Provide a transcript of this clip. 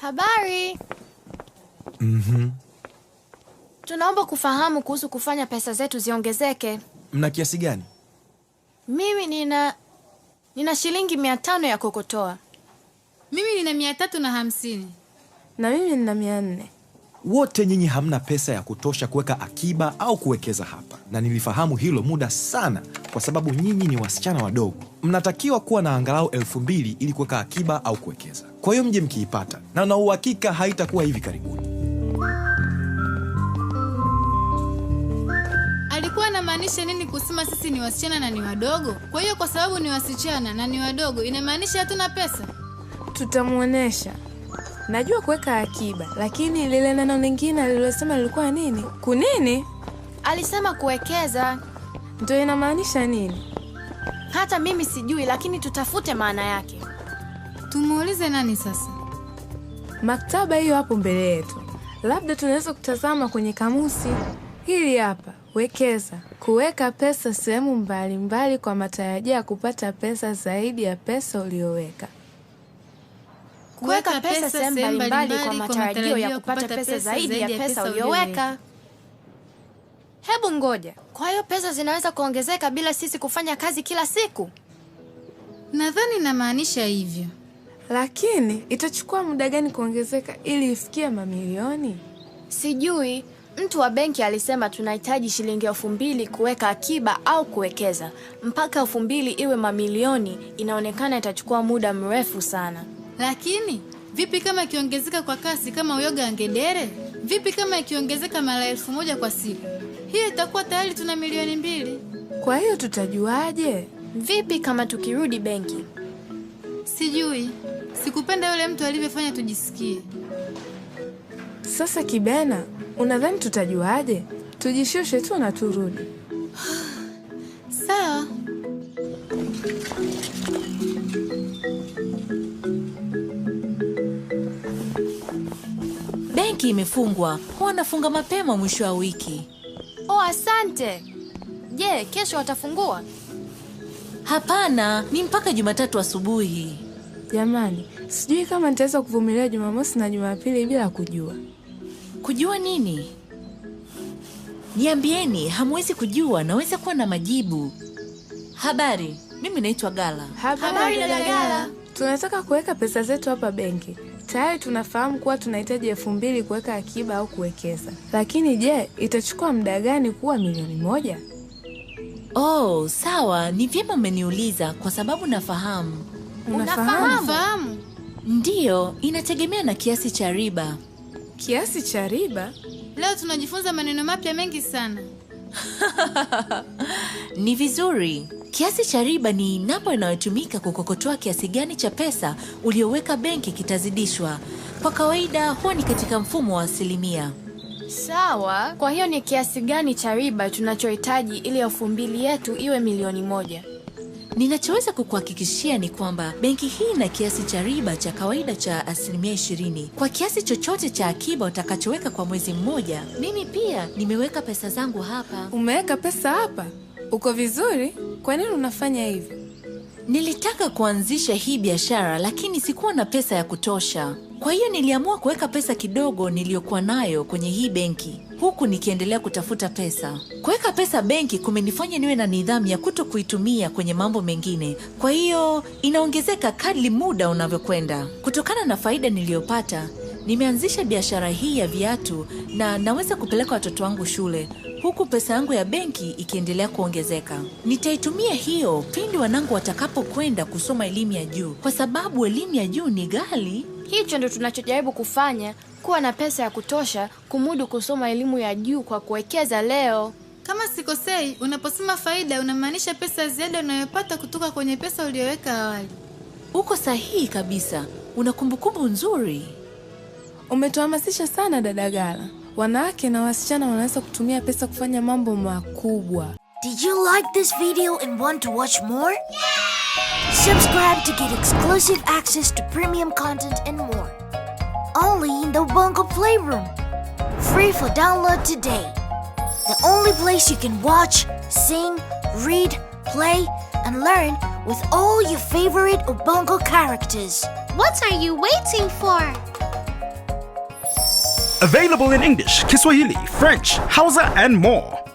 Habari. mm Tunaomba kufahamu kuhusu kufanya pesa zetu ziongezeke. Mna kiasi gani? Mimi nina nina shilingi mia tano ya kokotoa. Mimi nina mia tatu na hamsini. Na mimi nina mia nne wote nyinyi hamna pesa ya kutosha kuweka akiba au kuwekeza hapa, na nilifahamu hilo muda sana, kwa sababu nyinyi ni wasichana wadogo, mnatakiwa kuwa na angalau elfu mbili ili kuweka akiba au kuwekeza. Kwa hiyo mje mkiipata, na na uhakika haitakuwa hivi karibuni. Alikuwa anamaanisha nini kusema sisi ni wasichana na ni wadogo? Kwa hiyo kwa sababu ni wasichana na ni wadogo, inamaanisha hatuna pesa? Tutamwonyesha najua kuweka akiba, lakini lile neno lingine alilosema lilikuwa nini? Kunini? Alisema kuwekeza. Ndio inamaanisha nini? Hata mimi sijui, lakini tutafute maana yake. Tumuulize nani sasa? Maktaba hiyo hapo mbele yetu, labda tunaweza kutazama kwenye kamusi. Hili hapa wekeza, kuweka pesa sehemu mbalimbali kwa matarajio ya kupata pesa zaidi ya pesa uliyoweka kuweka pesa sehemu mbalimbali kwa matarajio ya kupata pesa zaidi ya pesa uliyoweka. Hebu ngoja, kwa hiyo pesa zinaweza kuongezeka bila sisi kufanya kazi kila siku? Nadhani namaanisha hivyo. Lakini itachukua muda gani kuongezeka ili ifikie mamilioni? Sijui. Mtu wa benki alisema tunahitaji shilingi elfu mbili kuweka akiba au kuwekeza. Mpaka elfu mbili iwe mamilioni, inaonekana itachukua muda mrefu sana. Lakini vipi kama ikiongezeka kwa kasi kama uyoga wa ngedere? Vipi kama ikiongezeka mara elfu moja kwa siku? Hiyo itakuwa tayari tuna milioni mbili. Kwa hiyo tutajuaje? Vipi kama tukirudi benki? Sijui, sikupenda yule mtu alivyofanya tujisikie. Sasa Kibena, unadhani tutajuaje? Tujishushe tu na turudi. wiki imefungwa, wanafunga mapema mwisho wa wiki. Oh, asante. Je, kesho watafungua? Hapana, ni mpaka Jumatatu asubuhi. Jamani, sijui kama nitaweza kuvumilia Jumamosi na Jumapili bila kujua. Kujua nini? Niambieni, hamwezi kujua, naweza kuwa na majibu. Habari, mimi naitwa Gala. Habari, Habari dada Gala. Tunataka kuweka pesa zetu hapa benki. Tayari tunafahamu kuwa tunahitaji elfu mbili kuweka akiba au kuwekeza, lakini je, itachukua muda gani kuwa milioni moja? Oh, sawa, ni vyema umeniuliza kwa sababu nafahamu. Unafahamu? Ndiyo, inategemea na kiasi cha riba. Kiasi cha riba? Leo tunajifunza maneno mapya mengi sana. Ni vizuri. Kiasi cha riba ni namba inayotumika kukokotoa kiasi gani cha pesa ulioweka benki kitazidishwa. Kwa kawaida huwa ni katika mfumo wa asilimia. Sawa, kwa hiyo ni kiasi gani cha riba tunachohitaji ili elfu mbili yetu iwe milioni moja? Ninachoweza kukuhakikishia ni kwamba benki hii ina kiasi cha riba cha kawaida cha asilimia ishirini kwa kiasi chochote cha akiba utakachoweka kwa mwezi mmoja. Mimi pia nimeweka pesa zangu hapa. Umeweka pesa hapa? Uko vizuri? Kwa nini unafanya hivi Nilitaka kuanzisha hii biashara lakini sikuwa na pesa ya kutosha. Kwa hiyo niliamua kuweka pesa kidogo niliyokuwa nayo kwenye hii benki huku nikiendelea kutafuta pesa. Kuweka pesa benki kumenifanya niwe na nidhamu ya kuto kuitumia kwenye mambo mengine, kwa hiyo inaongezeka kadri muda unavyokwenda. Kutokana na faida niliyopata, nimeanzisha biashara hii ya viatu na naweza kupeleka watoto wangu shule huku pesa yangu ya benki ikiendelea kuongezeka. Nitaitumia hiyo pindi wanangu watakapokwenda kusoma elimu ya juu, kwa sababu elimu ya juu ni ghali. Hicho ndio tunachojaribu kufanya, kuwa na pesa ya kutosha kumudu kusoma elimu ya juu kwa kuwekeza leo. Kama sikosei, unaposema faida unamaanisha pesa ya ziada unayopata kutoka kwenye pesa uliyoweka awali. Uko sahihi kabisa, una kumbukumbu nzuri. Umetuhamasisha sana dada Gala. Wanawake na wasichana wanaweza kutumia pesa kufanya mambo makubwa. Did you like this video and want to watch more? Subscribe to get exclusive access to premium content and more. Only in the Bongo Playroom. Free for download today. The only place you can watch, sing, read, play, and learn with all your favorite Ubongo characters. What are you waiting for? Available in English, Kiswahili, French, Hausa, and more.